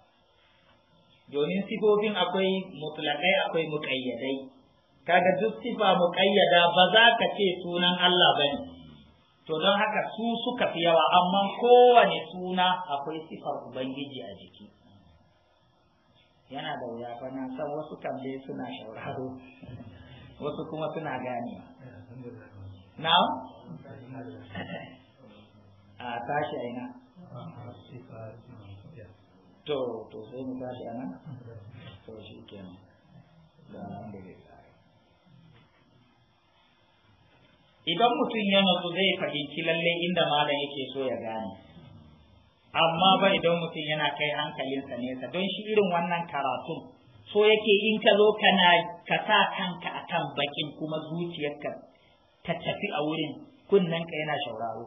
domin sifofin akwai mutlaƙai akwai muƙayyadai kaga duk sifa muƙayyada ba za ka ce sunan Allah ba ne to don haka su suka fi yawa amma kowane suna akwai sifar ubangiji a jiki yana da wuya fa na san wasu tambaye suna shauraro wasu kuma suna gani na a tashi aina to to sai mu tashi ana to shi kenan da nan da zai idan mutum ya nutsu zai fahimci lalle inda malam yake so ya gane amma ba idan mutum yana kai hankalinsa nesa don shi irin wannan karatun so yake in ka zo kana ka sa kanka akan bakin kuma zuciyarka ta tafi a wurin kunnenka yana shauraro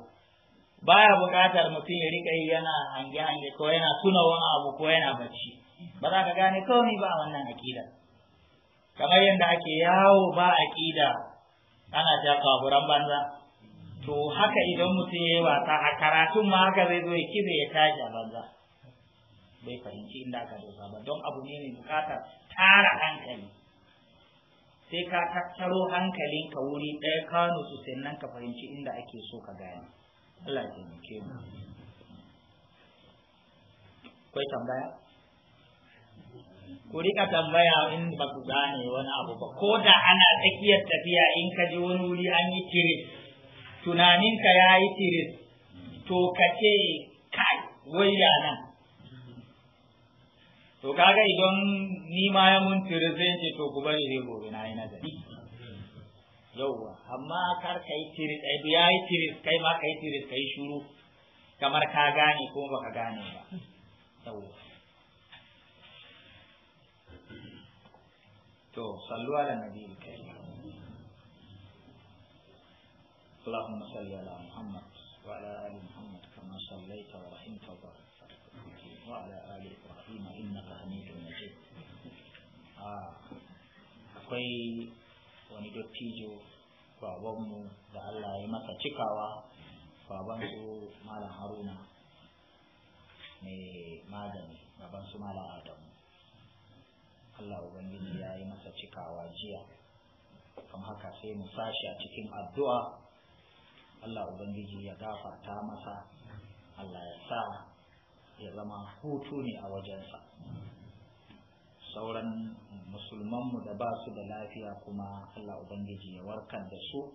baya buƙatar mutum ya riƙa yi yana hange hange ko yana tuna wani abu ko yana bacci ba za ka gane komai ba a wannan aƙida kamar yadda ake yawo ba aƙida ana ta kaburan banza to haka idan mutum ya yi wasa a karatun ma haka zai zo ya kibe ya tashi a banza bai fahimci inda aka dosa ba don abu ne mai buƙatar tara hankali sai ka tattaro ka wuri ɗaya ka nutsu sannan ka fahimci inda ake so ka gane Allah ya taimake mu akwai tambaya ku rika tambaya in ba ku gane wani abu ba ko da ana tsakiyar tafiya in ka ji wani wuri an yi tiris tunaninka ya yi tiris to ka ce kai wai ya nan to kaga idan ni ma ya mun tiris zai ce to ku bari dai gobe na yi nazari yauwa amma kar ka yi tiris ai ya yi tiris kai ma ka yi tiris ka yi shuru kamar ka gane ko baka gane ba yauwa to sallu ala nabi اللهم صل على محمد وعلى ال محمد كما صليت ورحمت وبارك وعلى ال ابراهيم انك حميد مجيد آه. wani dattijo babanmu da Allah ya masa cikawa baban su malam haruna mai magani baban su malam adamu Allah ubangiji ya yi masa cikawa jiya kuma haka sai mu sashi a cikin addu'a Allah ubangiji ya gafarta masa Allah ya sa ya zama hutu ne a wajensa. sauran musulmanmu da ba su da lafiya kuma Allah Ubangiji ya warkar da su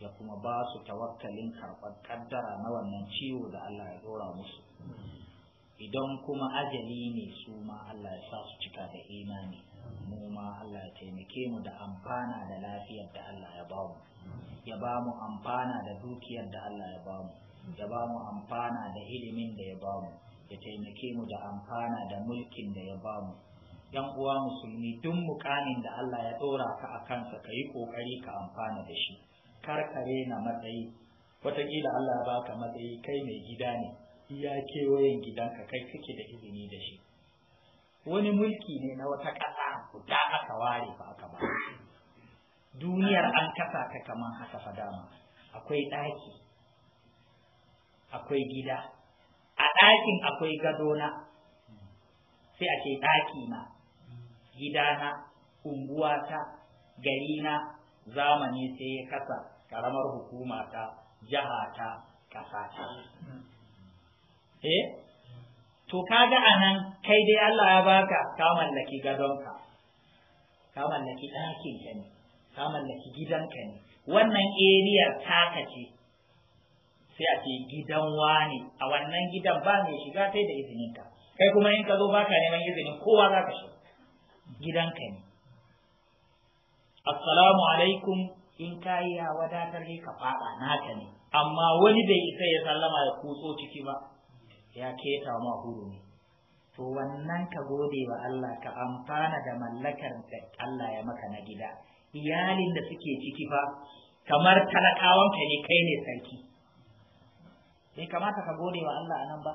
ya kuma ba su tawakkalin karɓar kaddara na wannan ciwo da Allah ya dora musu idan kuma ajali ne su ma Allah ya sa su cika da imani mu ma Allah ya taimake mu da amfana da lafiyar da Allah ya bamu ya bamu amfana da dukiyar da Allah ya bamu ya bamu amfana da ilimin da ya bamu ya taimake mu da amfana da mulkin da ya bamu yan uwa musulmi duk mukamin da Allah ya dora ka a kansa ka yi kokari ka amfana da shi kar ka rena matsayi wataƙila Allah ya baka matsayi kai mai gida ne iya kewayen gidanka kai kake da izini da shi wani mulki ne na wata ƙasa guda aka ware ba aka ba duniyar an kasa ka kamar haka fa dama akwai ɗaki akwai gida a ɗakin akwai gadona sai a ce ɗaki na gidana unguwata garina zamani sai ya kasa karamar hukuma ta ta, kasa ta. eh to kaga anan kai dai Allah ya baka ka mallaki gadonka ka mallaki ɗakin ne ka mallaki gidanka ne wannan area taka ce sai a ce gidan wani a wannan gidan ba mai shiga sai da izininka kai kuma in ka zo baka neman izinin kowa za ka shiga gidanka ne assalamu alaikum in ka yi ya wadatar ne ka faɗa naka ne amma wani bai isa ya sallama ya kutso ciki ba ya keta ma ne. to wannan ka gode wa Allah ka amfana da mallakar da Allah ya maka na gida iyalin da suke ciki fa kamar talakawanka ne kai ne sarki bai kamata ka gode wa Allah anan ba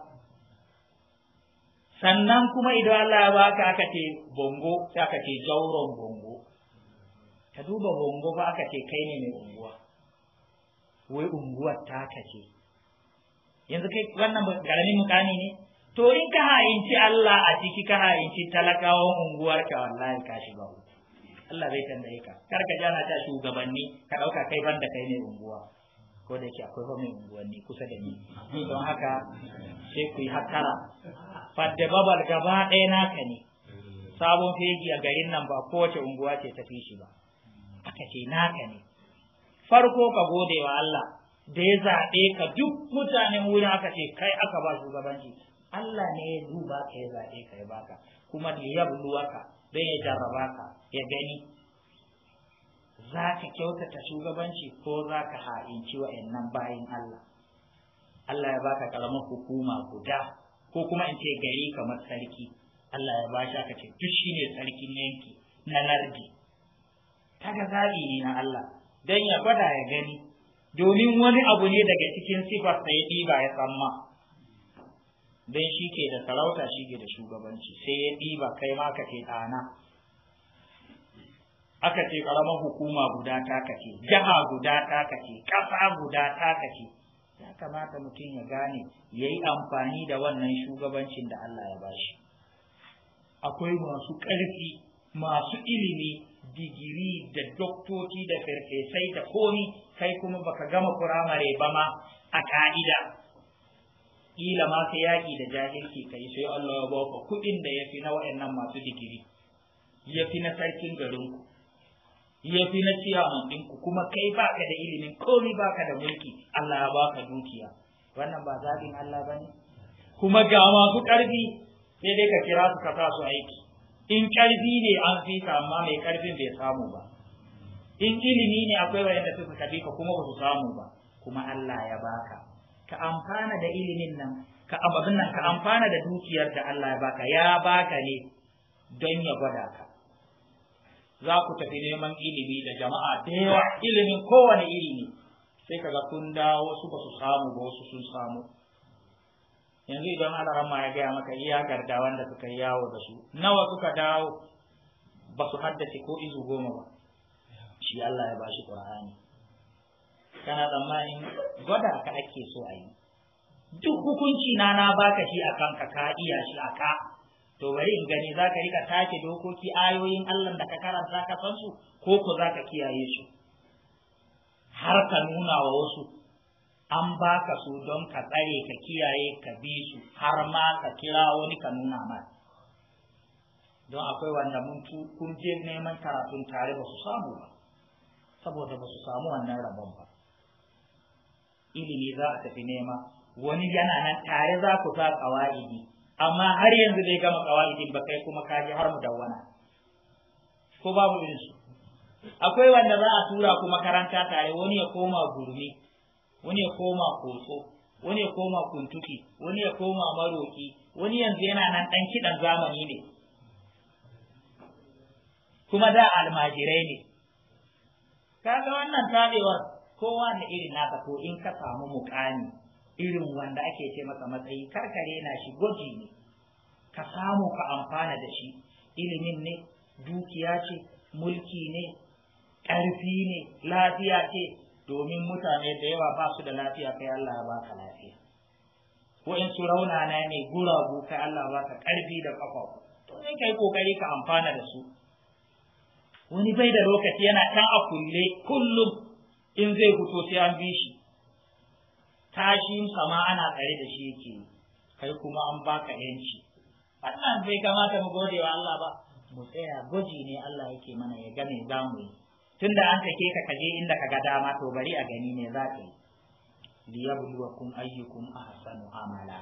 sannan kuma idan Allah ya baka aka ce bongo sai aka ce jauron bongo ka duba bongo ba aka ce kai ne mai unguwa wai unguwar ta ce yanzu kai wannan garamin mukami ne to in ka hayinci Allah a ciki ka hayinci talakawan unguwar ka wallahi ka shiga Allah zai tanda ka kar ka jana ta shugabanni ka dauka kai banda kai ne unguwa ko da yake akwai fa mai unguwanni kusa da ni don haka sai ku yi hakara fadda babal gaba ɗaya naka ne sabon fegi a garin nan ba kowace unguwa ce ta fi shi ba aka ce naka ne farko ka gode wa Allah da ya zaɓe ka duk mutanen wurin aka ce kai aka ba shugabanci Allah ne ya duba ka ya zaɓe ka ya baka kuma da ya ka don ya jarraba ka ya gani za ka kyautata shugabanci ko za ka ha'inci wa'annan bayan Allah Allah ya baka karamar hukuma guda ko kuma in ce gari kamar sarki Allah ya bashi aka ce duk shine sarkin yanki na lardi kaga zabi ne na Allah dan ya gwada ya gani domin wani abu ne daga cikin sifar da ya ɗiba ya tsamma dan shi ke da sarauta shi ke da shugabanci sai ya ɗiba kai ma ka ce ɗana aka ce ƙaramar hukuma guda ta kace jiha guda ta kace ƙasa guda ta kace kamata mutum ya gane ya yi amfani da wannan shugabancin da Allah ya bashi akwai masu ƙarfi masu ilimi digiri da doktoci da farfesai da komi kai kuma baka gama firamare ba ma a ka'ida Ƙila ma sai yaƙi da jahilci kai sai Allah ya baka kuɗin da ya fi na waɗannan masu digiri ya fi na sarkin garinku ya fi na ciyaman ɗinku kuma kai baka da ilimin komi baka da mulki Allah ya baka dukiya wannan ba zaɓin Allah ba ne kuma ga masu ƙarfi sai dai ka kira su ka su aiki in ƙarfi ne an fi ka mai ƙarfin bai samu ba in ilimi ne akwai wayanda suka kafi ka kuma ba su samu ba kuma Allah ya baka ka amfana da ilimin nan ka nan ka amfana da dukiyar da Allah ya baka ya baka ne don ya gwada ka za ku tafi neman ilimi da jama'a da yawa ilimin kowane ilimi ne sai kaga kun dawo wasu ba su samu ba wasu sun samu yanzu idan alarama ya gaya maka iya garda da suka yi yawo da su nawa suka dawo ba su haddace ko izu goma ba shi Allah ya bashi Qur'ani kana tsammanin gwada ka ake so a yi duk hukunci na na baka shi a kanka ka iya shi aka ka to bari in gani za ka rika take dokoki ayoyin Allah da ka karanta ka san su ko ko za ka kiyaye su har ka nuna wa wasu an baka su don ka tsare ka kiyaye ka bi su har ma ka kira wani ka nuna ma don akwai wanda mun kun je neman karatun tare ba su samu ba saboda ba su samu wannan rabon ba ilimi za a tafi nema wani yana nan tare za ku sa kawai amma har yanzu bai gama kawaidin ba kai kuma kaji har mu dawana ko babu irin su akwai wanda za a tura ku makaranta tare wani ya koma gurmi wani ya koma koso wani ya koma kuntuki wani ya koma maroki wani yanzu yana nan dan kidan zamani ne kuma da almajirai ne kaga wannan tabewar kowa da irin naka ko in ka samu mukami irin wanda ake ce masa matsayi karkare na shi gwaji ne ka samu ka amfana da shi ilimin ne dukiya ce mulki ne ƙarfi ne lafiya ce domin mutane da yawa ba su da lafiya kai Allah ya baka lafiya wa'insu raunana ne gura guragu kai Allah ya ka ƙarfi da ƙafa to ne kai kokari ka amfana da su wani bai da lokaci yana ɗan a kullum in zai fito sai an bi shi tashinsa ma ana tsare da shi yake kai kuma an baka yanci wannan bai kamata mu gode wa Allah ba mu tsaya gwaji ne Allah yake mana ya game za mu yi tunda an sake ka kaje inda ka ga dama to bari a gani ne za ka yi liyabluwakum ayyukum ahsanu amala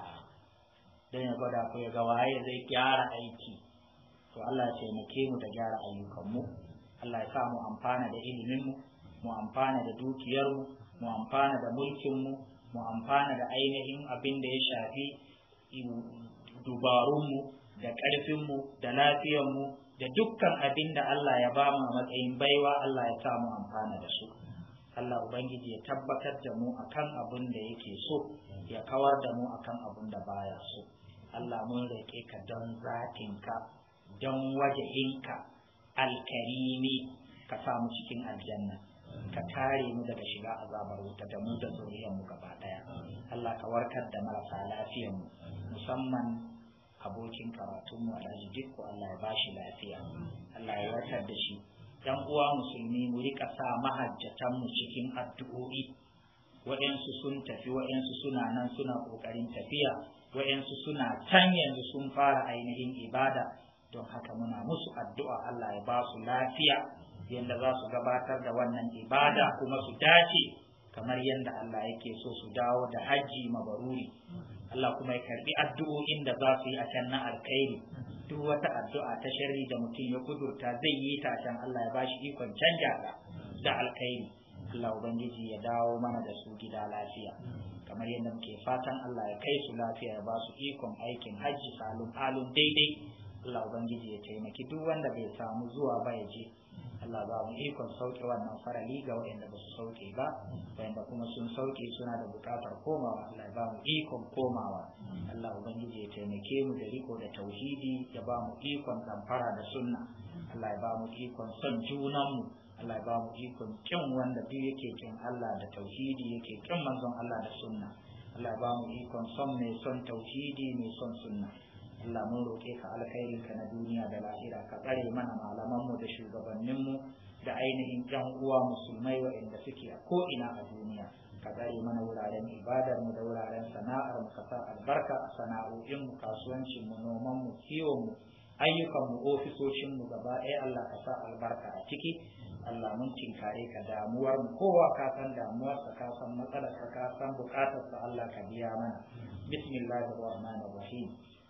dan ya gwada ku ya ga waye zai gyara aiki to Allah ya taimake mu da gyara ayyukan mu Allah ya sa mu amfana da ilimin mu mu amfana da dukiyar mu mu amfana da mulkin mu mu amfana da ainihin abin da ya shafi dubarunmu da ƙarfinmu da lafiyar mu, da dukkan abin da Allah ya ba mu matsayin baiwa Allah ya samu amfana da su Allah Ubangiji ya tabbatar da mu akan abin da yake so ya kawar da mu akan abin da baya so Allah mun roƙe ka don zatinka don wajahinka alkarimi ka samu cikin aljanna ka kare mu daga shiga azabar wuta da mu da zuriyar mu gaba daya Allah ka warkar da marasa lafiyar mu musamman abokin karatun mu Alhaji Dikko Allah ya bashi lafiya Allah ya warkar da shi dan uwa musulmi mu rika sa mahajjatan mu cikin addu'o'i waɗansu sun tafi waɗansu suna nan suna ƙoƙarin tafiya waɗansu suna can yanzu sun fara ainihin ibada don haka muna musu addu'a Allah ya ba su lafiya yadda za su gabatar da wannan ibada kuma su dace kamar yadda Allah yake so su dawo da hajji mabaruri Allah kuma ya karbi addu'o'in da za su yi a can na alkhairi duk wata addu'a ta sharri da mutum ya kudurta zai yi ta can Allah ya bashi ikon canja da alkhairi Allah ubangiji ya dawo mana da su gida lafiya kamar yadda muke fatan Allah ya kai su lafiya ya ba su ikon aikin hajji salun alun daidai Allah ubangiji ya taimaki duk wanda bai samu zuwa ba ya je Allah ba mu ikon sauke wannan farali ga waɗanda ba su sauke ba waɗanda kuma sun sauke suna da buƙatar komawa Allah ba mu ikon komawa Allah ubangiji ya taimake mu da riko da tauhidi ya ba mu ikon zamfara da sunna Allah ya ba mu ikon son junanmu Allah ya ba mu ikon kin wanda duk yake kin Allah da tauhidi yake kin manzon Allah da sunna Allah ya ba mu ikon son mai son tauhidi mai son sunna Allah mun roƙe ka alkhairin ka na duniya da lahira ka tsare mana mu da shugabanninmu da ainihin ƴan uwa musulmai waɗanda suke a ko ina a duniya ka tsare mana wuraren ibadar mu da wuraren sana'ar mu ka sa albarka a sana'o'in mu kasuwancin mu noman mu kiwon mu ayyukan mu ofisoshin mu gaba ɗaya Allah ka sa albarka a ciki Allah mun tinkare ka damuwar mu kowa ka san damuwar sa ka san matsalar ka ka san bukatar sa Allah ka biya mana bismillahir rahmanir rahim